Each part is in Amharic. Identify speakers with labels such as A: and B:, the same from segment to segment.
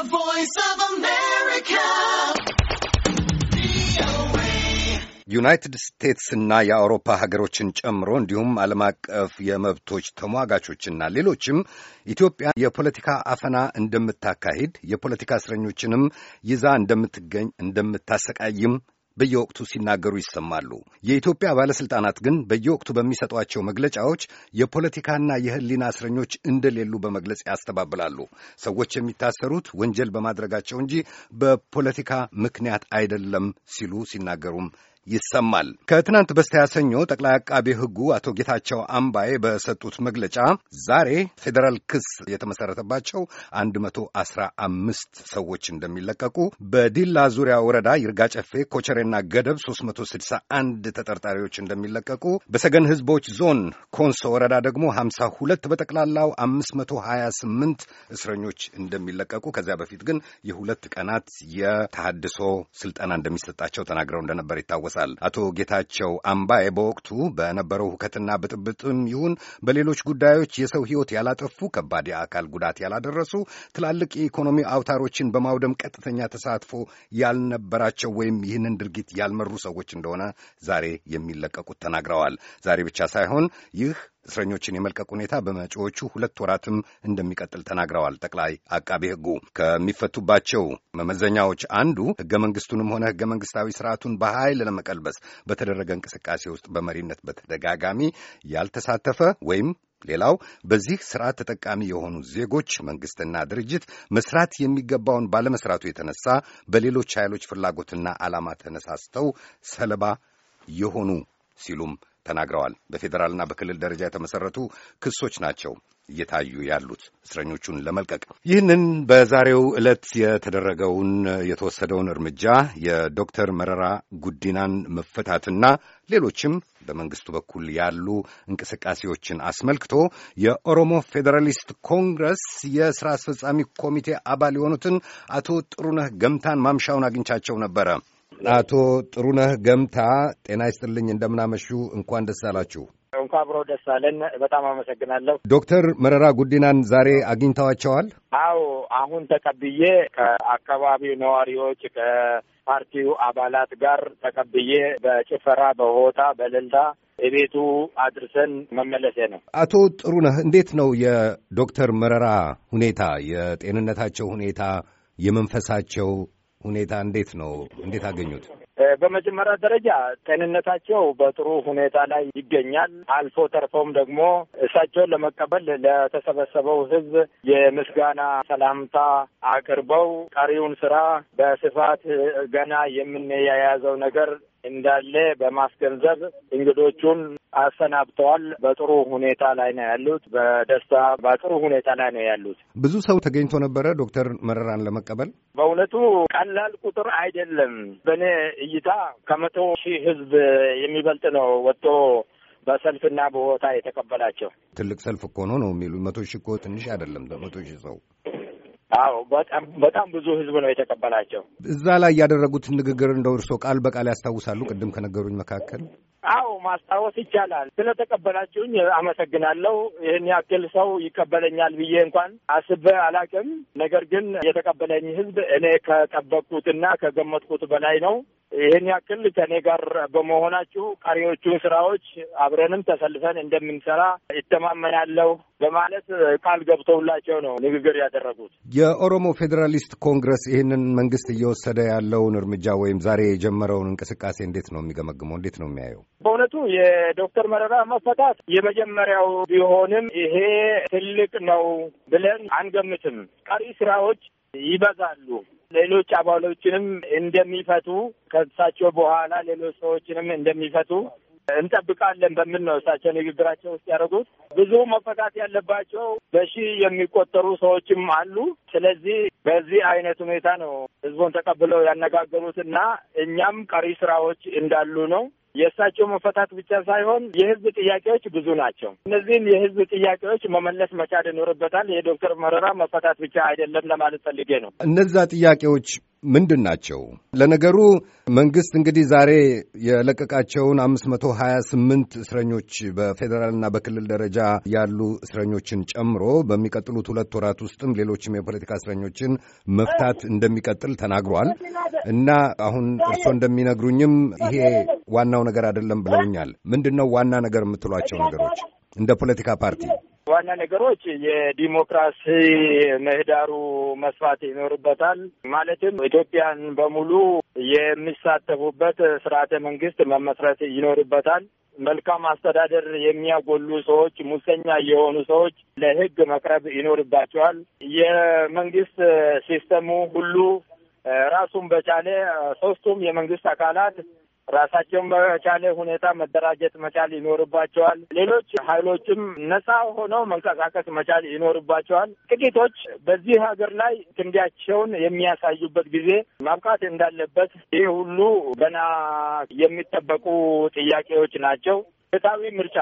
A: The Voice of America. ዩናይትድ ስቴትስና የአውሮፓ ሀገሮችን ጨምሮ እንዲሁም ዓለም አቀፍ የመብቶች ተሟጋቾችና ሌሎችም ኢትዮጵያ የፖለቲካ አፈና እንደምታካሂድ የፖለቲካ እስረኞችንም ይዛ እንደምትገኝ እንደምታሰቃይም በየወቅቱ ሲናገሩ ይሰማሉ። የኢትዮጵያ ባለሥልጣናት ግን በየወቅቱ በሚሰጧቸው መግለጫዎች የፖለቲካና የሕሊና እስረኞች እንደሌሉ በመግለጽ ያስተባብላሉ። ሰዎች የሚታሰሩት ወንጀል በማድረጋቸው እንጂ በፖለቲካ ምክንያት አይደለም ሲሉ ሲናገሩም ይሰማል። ከትናንት በስቲያ ሰኞ ጠቅላይ አቃቤ ሕጉ አቶ ጌታቸው አምባዬ በሰጡት መግለጫ ዛሬ ፌዴራል ክስ የተመሰረተባቸው 115 ሰዎች እንደሚለቀቁ፣ በዲላ ዙሪያ ወረዳ ይርጋ ጨፌ ኮቸሬና ገደብ 361 ተጠርጣሪዎች እንደሚለቀቁ፣ በሰገን ሕዝቦች ዞን ኮንሶ ወረዳ ደግሞ 52 በጠቅላላው 528 እስረኞች እንደሚለቀቁ ከዚያ በፊት ግን የሁለት ቀናት የተሃድሶ ስልጠና እንደሚሰጣቸው ተናግረው እንደነበር ይታወሳል። ይገልጻል። አቶ ጌታቸው አምባዬ በወቅቱ በነበረው ሁከትና ብጥብጥም ይሁን በሌሎች ጉዳዮች የሰው ሕይወት ያላጠፉ፣ ከባድ የአካል ጉዳት ያላደረሱ፣ ትላልቅ የኢኮኖሚ አውታሮችን በማውደም ቀጥተኛ ተሳትፎ ያልነበራቸው ወይም ይህንን ድርጊት ያልመሩ ሰዎች እንደሆነ ዛሬ የሚለቀቁት ተናግረዋል። ዛሬ ብቻ ሳይሆን ይህ እስረኞችን የመልቀቅ ሁኔታ በመጪዎቹ ሁለት ወራትም እንደሚቀጥል ተናግረዋል። ጠቅላይ አቃቤ ሕጉ ከሚፈቱባቸው መመዘኛዎች አንዱ ሕገ መንግስቱንም ሆነ ሕገ መንግስታዊ ስርዓቱን በኃይል ለመቀልበስ በተደረገ እንቅስቃሴ ውስጥ በመሪነት በተደጋጋሚ ያልተሳተፈ ወይም ሌላው በዚህ ስርዓት ተጠቃሚ የሆኑ ዜጎች መንግስትና ድርጅት መስራት የሚገባውን ባለመስራቱ የተነሳ በሌሎች ኃይሎች ፍላጎትና ዓላማ ተነሳስተው ሰለባ የሆኑ ሲሉም ተናግረዋል። በፌዴራልና በክልል ደረጃ የተመሰረቱ ክሶች ናቸው እየታዩ ያሉት እስረኞቹን ለመልቀቅ። ይህንን በዛሬው ዕለት የተደረገውን የተወሰደውን እርምጃ የዶክተር መረራ ጉዲናን መፈታትና ሌሎችም በመንግስቱ በኩል ያሉ እንቅስቃሴዎችን አስመልክቶ የኦሮሞ ፌዴራሊስት ኮንግረስ የሥራ አስፈጻሚ ኮሚቴ አባል የሆኑትን አቶ ጥሩነህ ገምታን ማምሻውን አግኝቻቸው ነበረ። አቶ ጥሩነህ ገምታ ጤና ይስጥልኝ፣ እንደምናመሹ፣ እንኳን ደስ አላችሁ።
B: እንኳ አብሮ ደስ አለን። በጣም አመሰግናለሁ።
A: ዶክተር መረራ ጉዲናን ዛሬ አግኝተዋቸዋል?
B: አዎ፣ አሁን ተቀብዬ ከአካባቢው ነዋሪዎች ከፓርቲው አባላት ጋር ተቀብዬ በጭፈራ በሆታ በልልታ የቤቱ አድርሰን መመለሴ ነው።
A: አቶ ጥሩነህ እንዴት ነው የዶክተር መረራ ሁኔታ፣ የጤንነታቸው ሁኔታ፣ የመንፈሳቸው ሁኔታ እንዴት ነው? እንዴት አገኙት?
B: በመጀመሪያ ደረጃ ጤንነታቸው በጥሩ ሁኔታ ላይ ይገኛል። አልፎ ተርፎም ደግሞ እሳቸውን ለመቀበል ለተሰበሰበው ሕዝብ የምስጋና ሰላምታ አቅርበው ቀሪውን ስራ በስፋት ገና የምንያያዘው ነገር እንዳለ በማስገንዘብ እንግዶቹን አሰናብተዋል። በጥሩ ሁኔታ ላይ ነው ያሉት። በደስታ በጥሩ ሁኔታ ላይ ነው ያሉት።
A: ብዙ ሰው ተገኝቶ ነበረ ዶክተር መረራን ለመቀበል።
B: በእውነቱ ቀላል ቁጥር አይደለም። በእኔ እይታ ከመቶ ሺህ ህዝብ የሚበልጥ ነው ወጥቶ በሰልፍና በቦታ የተቀበላቸው።
A: ትልቅ ሰልፍ እኮ ነው ነው የሚሉ መቶ ሺህ እኮ ትንሽ አይደለም። መቶ ሺህ ሰው
B: አዎ በጣም ብዙ ህዝብ ነው የተቀበላቸው።
A: እዛ ላይ ያደረጉት ንግግር እንደው እርሶ ቃል በቃል ያስታውሳሉ? ቅድም ከነገሩኝ መካከል
B: አዎ ማስታወስ ይቻላል። ስለተቀበላችሁኝ አመሰግናለሁ። ይህን ያክል ሰው ይቀበለኛል ብዬ እንኳን አስቤ አላቅም። ነገር ግን የተቀበለኝ ህዝብ እኔ ከጠበቅኩትና ከገመትኩት በላይ ነው። ይህን ያክል ከእኔ ጋር በመሆናችሁ ቀሪዎቹን ስራዎች አብረንም ተሰልፈን እንደምንሰራ ይተማመናለሁ በማለት ቃል ገብተውላቸው ነው ንግግር ያደረጉት።
A: የኦሮሞ ፌዴራሊስት ኮንግረስ ይህንን መንግስት እየወሰደ ያለውን እርምጃ ወይም ዛሬ የጀመረውን እንቅስቃሴ እንዴት ነው የሚገመግመው? እንዴት ነው የሚያየው?
B: በእውነቱ የዶክተር መረራ መፈታት የመጀመሪያው ቢሆንም ይሄ ትልቅ ነው ብለን አንገምትም። ቀሪ ስራዎች ይበዛሉ። ሌሎች አባሎችንም እንደሚፈቱ ከእሳቸው በኋላ ሌሎች ሰዎችንም እንደሚፈቱ እንጠብቃለን በሚል ነው እሳቸው ንግግራቸው ውስጥ ያደረጉት። ብዙ መፈታት ያለባቸው በሺህ የሚቆጠሩ ሰዎችም አሉ። ስለዚህ በዚህ አይነት ሁኔታ ነው ህዝቡን ተቀብለው ያነጋገሩት እና እኛም ቀሪ ስራዎች እንዳሉ ነው የእሳቸው መፈታት ብቻ ሳይሆን የህዝብ ጥያቄዎች ብዙ ናቸው። እነዚህን የህዝብ ጥያቄዎች መመለስ መቻል ይኖርበታል። የዶክተር መረራ መፈታት ብቻ አይደለም ለማለት ፈልጌ ነው።
A: እነዛ ጥያቄዎች ምንድን ናቸው? ለነገሩ መንግስት እንግዲህ ዛሬ የለቀቃቸውን 528 እስረኞች በፌዴራልና በክልል ደረጃ ያሉ እስረኞችን ጨምሮ በሚቀጥሉት ሁለት ወራት ውስጥም ሌሎችም የፖለቲካ እስረኞችን መፍታት እንደሚቀጥል ተናግሯል እና አሁን እርስዎ እንደሚነግሩኝም ይሄ ዋናው ነገር አይደለም ብለውኛል። ምንድን ነው ዋና ነገር የምትሏቸው ነገሮች እንደ ፖለቲካ ፓርቲ
B: ዋና ነገሮች የዲሞክራሲ ምህዳሩ መስፋት ይኖርበታል። ማለትም ኢትዮጵያን በሙሉ የሚሳተፉበት ስርዓተ መንግስት መመስረት ይኖርበታል። መልካም አስተዳደር የሚያጎሉ ሰዎች፣ ሙሰኛ የሆኑ ሰዎች ለህግ መቅረብ ይኖርባቸዋል። የመንግስት ሲስተሙ ሁሉ ራሱን በቻለ ሶስቱም የመንግስት አካላት ራሳቸውን በቻለ ሁኔታ መደራጀት መቻል ይኖርባቸዋል። ሌሎች ኃይሎችም ነጻ ሆነው መንቀሳቀስ መቻል ይኖርባቸዋል። ጥቂቶች በዚህ ሀገር ላይ ክንዲያቸውን የሚያሳዩበት ጊዜ ማብቃት እንዳለበት ይህ ሁሉ ገና የሚጠበቁ ጥያቄዎች ናቸው። ፍትሐዊ ምርጫ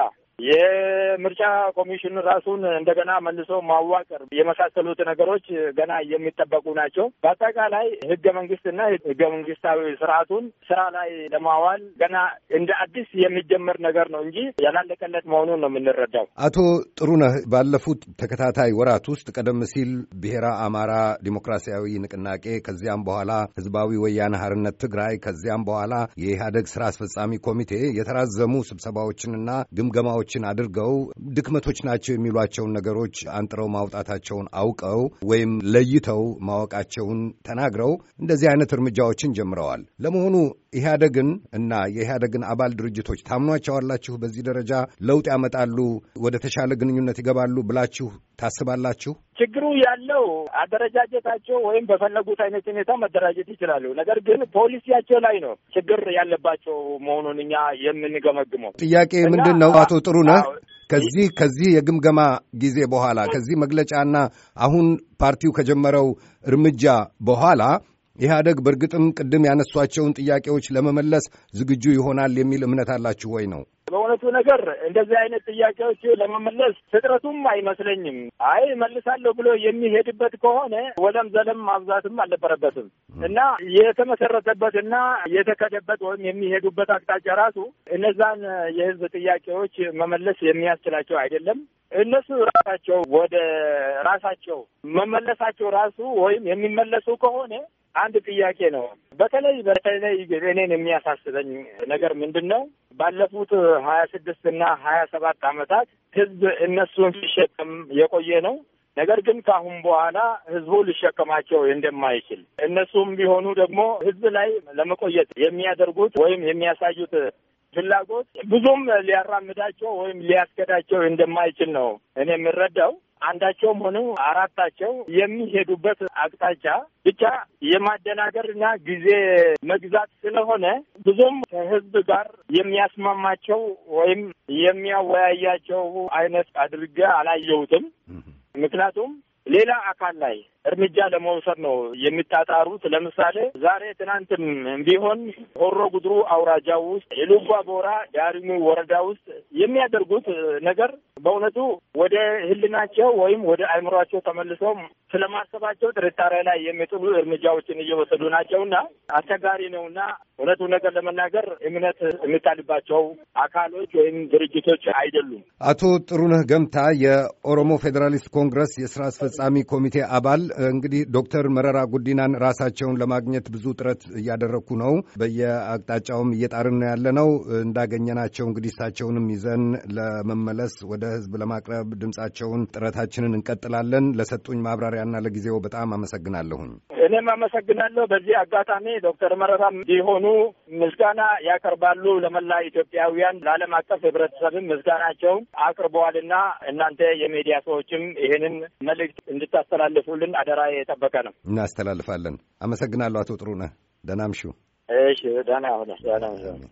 B: የምርጫ ኮሚሽን ራሱን እንደገና መልሶ ማዋቀር የመሳሰሉት ነገሮች ገና የሚጠበቁ ናቸው። በአጠቃላይ ህገ መንግስትና ህገ መንግስታዊ ስርዓቱን ስራ ላይ ለማዋል ገና እንደ አዲስ የሚጀመር ነገር ነው እንጂ ያላለቀለት መሆኑን ነው የምንረዳው።
A: አቶ ጥሩነህ ባለፉት ተከታታይ ወራት ውስጥ ቀደም ሲል ብሔራ አማራ ዲሞክራሲያዊ ንቅናቄ፣ ከዚያም በኋላ ህዝባዊ ወያነ ሀርነት ትግራይ፣ ከዚያም በኋላ የኢህአደግ ስራ አስፈጻሚ ኮሚቴ የተራዘሙ ስብሰባዎችንና ግምገማዎች ጥረቶችን አድርገው ድክመቶች ናቸው የሚሏቸውን ነገሮች አንጥረው ማውጣታቸውን አውቀው ወይም ለይተው ማወቃቸውን ተናግረው እንደዚህ አይነት እርምጃዎችን ጀምረዋል። ለመሆኑ ኢህአደግን እና የኢህአደግን አባል ድርጅቶች ታምኗቸዋላችሁ? በዚህ ደረጃ ለውጥ ያመጣሉ፣ ወደ ተሻለ ግንኙነት ይገባሉ ብላችሁ ታስባላችሁ?
B: ችግሩ ያለው አደረጃጀታቸው ወይም በፈለጉት አይነት ሁኔታ መደራጀት ይችላሉ። ነገር ግን ፖሊሲያቸው ላይ ነው ችግር ያለባቸው መሆኑን እኛ የምንገመግመው።
A: ጥያቄ ምንድን ነው? አቶ ጥሩ ነህ ከዚህ ከዚህ የግምገማ ጊዜ በኋላ ከዚህ መግለጫና አሁን ፓርቲው ከጀመረው እርምጃ በኋላ ኢህአደግ በእርግጥም ቅድም ያነሷቸውን ጥያቄዎች ለመመለስ ዝግጁ ይሆናል የሚል እምነት አላችሁ ወይ ነው?
B: በእውነቱ ነገር እንደዚህ አይነት ጥያቄዎች ለመመለስ ፍጥረቱም አይመስለኝም። አይ መልሳለሁ ብሎ የሚሄድበት ከሆነ ወለም ዘለም ማብዛትም አልነበረበትም እና የተመሰረተበትና የተከደበት ወይም የሚሄዱበት አቅጣጫ ራሱ እነዛን የህዝብ ጥያቄዎች መመለስ የሚያስችላቸው አይደለም። እነሱ ራሳቸው ወደ ራሳቸው መመለሳቸው ራሱ ወይም የሚመለሱ ከሆነ አንድ ጥያቄ ነው። በተለይ በተለይ እኔን የሚያሳስበኝ ነገር ምንድን ነው? ባለፉት ሀያ ስድስት እና ሀያ ሰባት ዓመታት ህዝብ እነሱን ሲሸከም የቆየ ነው። ነገር ግን ከአሁን በኋላ ህዝቡ ሊሸከማቸው እንደማይችል እነሱም ቢሆኑ ደግሞ ህዝብ ላይ ለመቆየት የሚያደርጉት ወይም የሚያሳዩት ፍላጎት ብዙም ሊያራምዳቸው ወይም ሊያስገዳቸው እንደማይችል ነው እኔ የምረዳው። አንዳቸውም ሆነ አራታቸው የሚሄዱበት አቅጣጫ ብቻ የማደናገር እና ጊዜ መግዛት ስለሆነ ብዙም ከህዝብ ጋር የሚያስማማቸው ወይም የሚያወያያቸው አይነት አድርጌ አላየሁትም። ምክንያቱም ሌላ አካል ላይ እርምጃ ለመውሰድ ነው የሚታጣሩት። ለምሳሌ ዛሬ ትናንትም ቢሆን ሆሮ ጉድሩ አውራጃ ውስጥ የሉባ ቦራ ዳሪሙ ወረዳ ውስጥ የሚያደርጉት ነገር በእውነቱ ወደ ህልናቸው ወይም ወደ አይምሯቸው ተመልሰው ስለማሰባቸው ጥርጣሬ ላይ የሚጥሉ እርምጃዎችን እየወሰዱ ናቸውና አስቸጋሪ ነውና እውነቱ ነገር ለመናገር እምነት የሚጣልባቸው አካሎች ወይም ድርጅቶች አይደሉም።
A: አቶ ጥሩነህ ገምታ የኦሮሞ ፌዴራሊስት ኮንግረስ የስራ አስፈጻሚ ኮሚቴ አባል እንግዲህ ዶክተር መረራ ጉዲናን ራሳቸውን ለማግኘት ብዙ ጥረት እያደረግኩ ነው። በየአቅጣጫውም እየጣርን ነው ያለ ነው። እንዳገኘናቸው እንግዲህ እሳቸውንም ይዘን ለመመለስ ወደ ህዝብ ለማቅረብ ድምፃቸውን ጥረታችንን እንቀጥላለን። ለሰጡኝ ማብራሪያና ለጊዜው በጣም አመሰግናለሁኝ።
B: እኔም አመሰግናለሁ። በዚህ አጋጣሚ ዶክተር መረራ ሲሆኑ ምስጋና ያቀርባሉ ለመላ ኢትዮጵያውያን፣ ለዓለም አቀፍ ህብረተሰብም ምስጋናቸውን አቅርበዋልና እናንተ የሚዲያ ሰዎችም ይህንን መልእክት እንድታስተላልፉልን አደራ የጠበቀ ነው።
A: እናስተላልፋለን። አመሰግናለሁ አቶ ጥሩነህ። ደህና እምሹ።
B: እሺ፣ ደህና ሁነ። ደህና